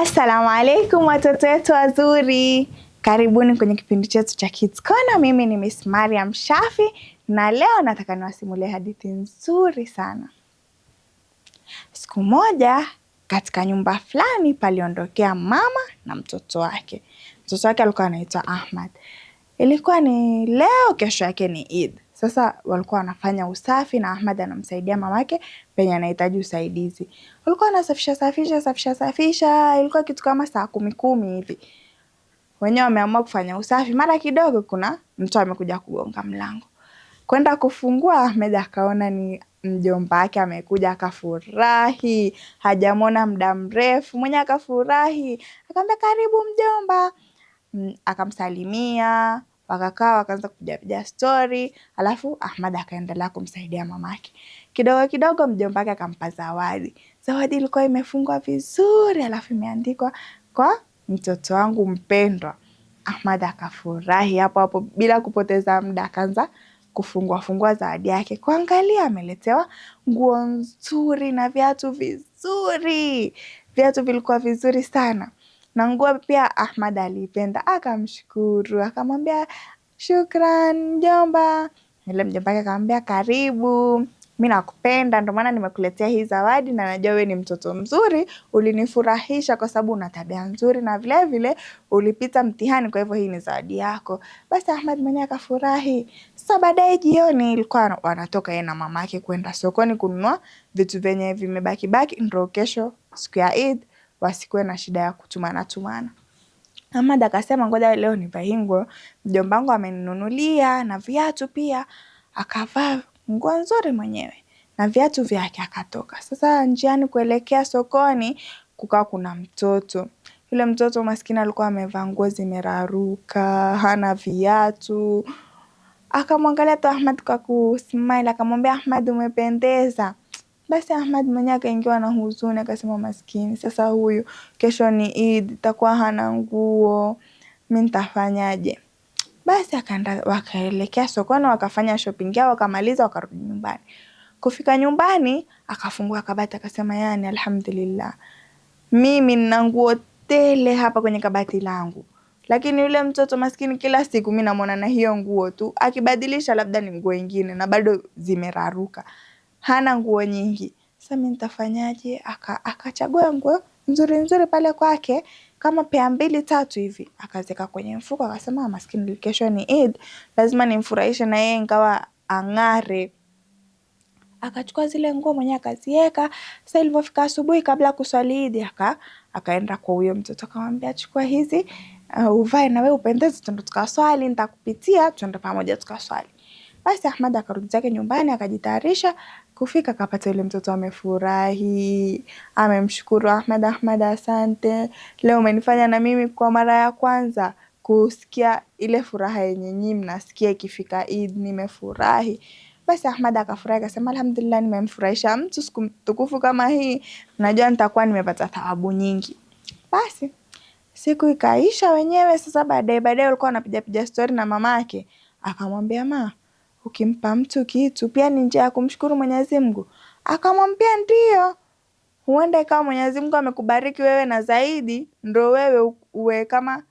Assalamu alaikum watoto wetu wazuri, karibuni kwenye kipindi chetu cha Kids Corner. Mimi ni Miss Mariam Shafi na leo nataka niwasimulie hadithi nzuri sana. Siku moja katika nyumba fulani paliondokea mama na mtoto wake. Mtoto wake alikuwa anaitwa Ahmad. Ilikuwa ni leo, kesho yake ni Eid. Sasa walikuwa wanafanya usafi na Ahmad anamsaidia mamake penye anahitaji usaidizi. Walikuwa wanasafisha safisha safisha safisha, ilikuwa kitu kama saa kumi kumi hivi. Wenyewe wameamua kufanya usafi, mara kidogo kuna mtu amekuja kugonga mlango. Kwenda kufungua, Ahmed akaona ni mjomba wake amekuja, akafurahi, hajamwona muda mrefu, mwenye akafurahi, akaambia karibu mjomba, mm, akamsalimia wakakaa wakaanza kupigapiga stori, alafu Ahmad akaendelea kumsaidia mamake. Kidogo kidogo mjomba wake akampa zawadi. Zawadi ilikuwa imefungwa vizuri, alafu imeandikwa kwa mtoto wangu mpendwa. Ahmad akafurahi hapo hapo bila kupoteza muda, akaanza kufungua fungua zawadi yake. Kuangalia ameletewa nguo nzuri na viatu vizuri. Viatu vilikuwa vizuri sana na nguo pia Ahmad aliipenda akamshukuru akamwambia shukran mjomba. Yule mjomba wake akamwambia karibu, mi nakupenda, ndo maana nimekuletea hii zawadi, na najua wewe ni mtoto mzuri, ulinifurahisha kwa sababu una tabia nzuri na vile vile ulipita mtihani, kwa hivyo hii ni zawadi yako. Basi Ahmad mwenyewe akafurahi. Sasa baadaye jioni, ilikuwa wanatoka yeye na mamake kwenda sokoni kununua vitu vyenye vimebaki baki, ndo kesho siku ya Eid wasikuwe na shida ya kutumana tumana. Ahmad akasema ngoja leo nivae nguo mjomba wangu ameninunulia na viatu pia. Akavaa nguo nzuri mwenyewe na viatu vyake akatoka. Sasa njiani kuelekea sokoni kukawa kuna mtoto. Yule mtoto maskini alikuwa amevaa nguo zimeraruka, hana viatu. Akamwangalia tu Ahmad kwa kusmile, akamwambia Ahmad, umependeza. Basi Ahmad mwenyewe akaingiwa na huzuni, akasema maskini, sasa huyu kesho ni Eid, takuwa hana nguo, mi nitafanyaje? Basi akaenda wakaelekea sokoni, wakafanya shopping yao, wakamaliza, wakarudi nyumbani. Kufika nyumbani, akafungua kabati, akasema yani, alhamdulillah, mimi nina nguo tele hapa kwenye kabati langu lakini yule mtoto maskini kila siku mi namwona na hiyo nguo tu, akibadilisha labda ni nguo ingine na bado zimeraruka hana nguo nyingi. Sasa mimi nitafanyaje? Aka akachagua nguo nzuri nzuri pale kwake kama pea mbili tatu hivi akaziweka kwenye mfuko, akasema ah, maskini, kesho ni Eid, lazima nimfurahishe na yeye ingawa ang'are. Akachukua zile nguo mwenyewe akaziweka. Sasa ilipofika asubuhi, kabla kuswali Eid, aka akaenda kwa huyo mtoto akamwambia, chukua hizi uh, uvae na wewe upendeze, tuende tukaswali, nitakupitia, tuende pamoja tukaswali. Basi Ahmad akarudi zake nyumbani akajitayarisha kufika akapata yule mtoto amefurahi, amemshukuru Ahmed, Ahmed asante, leo umenifanya na mimi kwa mara ya kwanza kusikia ile furaha yenye nyinyi mnasikia ikifika Eid, nimefurahi. Basi ahmad akafurahi akasema, alhamdulillah, nimemfurahisha mtu siku mtukufu kama hii, najua nitakuwa nimepata thawabu nyingi. Basi siku ikaisha wenyewe. Sasa baadaye baadaye walikuwa wanapiga piga stori na mamake, akamwambia maa Ukimpa mtu kitu pia ni njia ya kumshukuru Mwenyezi Mungu, akamwambia ndio huenda ikawa Mwenyezi Mungu amekubariki wewe na zaidi ndo wewe uwe kama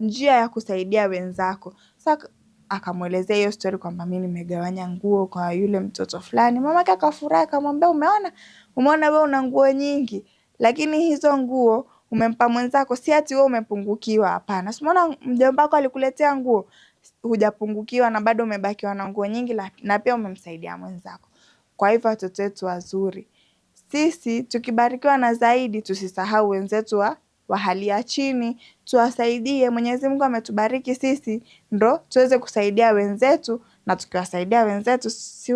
njia ya kusaidia wenzako. Sasa akamwelezea hiyo stori kwamba mi nimegawanya nguo kwa yule mtoto fulani. Mamake akafurahi akamwambia, umeona, umeona we una nguo nyingi, lakini hizo nguo umempa mwenzako, si ati we umepungukiwa. Hapana, simona mjomba wako alikuletea nguo, hujapungukiwa na bado umebakiwa na nguo nyingi la, na pia umemsaidia mwenzako. Kwa hivyo watoto wetu wazuri, sisi tukibarikiwa na zaidi, tusisahau wenzetu wa wa hali ya chini, tuwasaidie. Mwenyezi Mungu ametubariki sisi ndo tuweze kusaidia wenzetu, na tukiwasaidia wenzetu si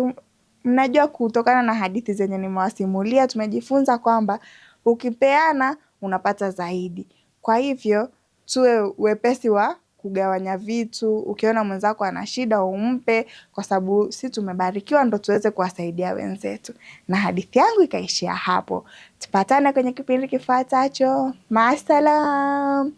mnajua kutokana na hadithi zenye nimewasimulia tumejifunza kwamba ukipeana unapata zaidi. Kwa hivyo tuwe wepesi wa kugawanya vitu. Ukiona mwenzako ana shida umpe, kwa sababu si tumebarikiwa ndo tuweze kuwasaidia wenzetu. Na hadithi yangu ikaishia hapo. Tupatane kwenye kipindi kifuatacho. Maasalam.